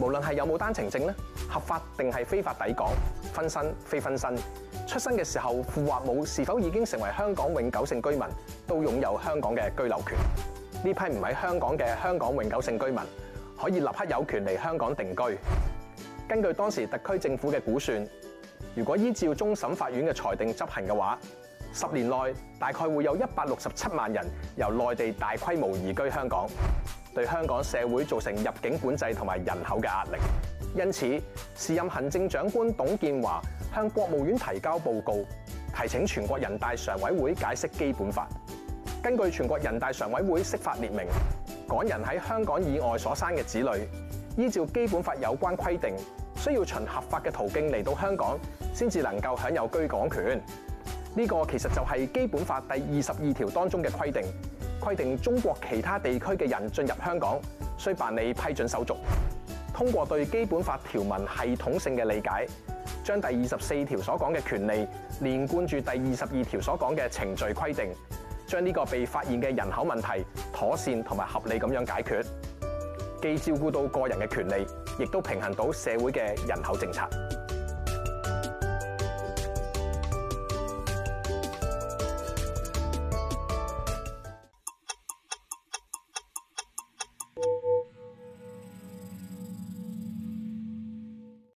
無論係有冇單程證咧，合法定係非法抵港，婚生非婚生，出生嘅時候父或母，是否已經成為香港永久性居民，都擁有香港嘅居留權。呢批唔喺香港嘅香港永久性居民，可以立刻有權嚟香港定居。根據當時特區政府嘅估算，如果依照終審法院嘅裁定執行嘅話，十年內大概會有一百六十七萬人由內地大規模移居香港，對香港社會造成入境管制同埋人口嘅壓力。因此，時任行政長官董建華向國務院提交報告，提請全國人大常委會解釋基本法。根據全國人大常委會釋法列明，港人喺香港以外所生嘅子女，依照基本法有關規定，需要循合法嘅途徑嚟到香港，先至能夠享有居港權。呢個其實就係基本法第二十二條當中嘅規定，規定中國其他地區嘅人進入香港，需辦理批准手續。通過對基本法條文系統性嘅理解，將第二十四條所講嘅權利連貫住第二十二條所講嘅程序規定，將呢個被發現嘅人口問題妥善同埋合理咁樣解決，既照顧到個人嘅權利，亦都平衡到社會嘅人口政策。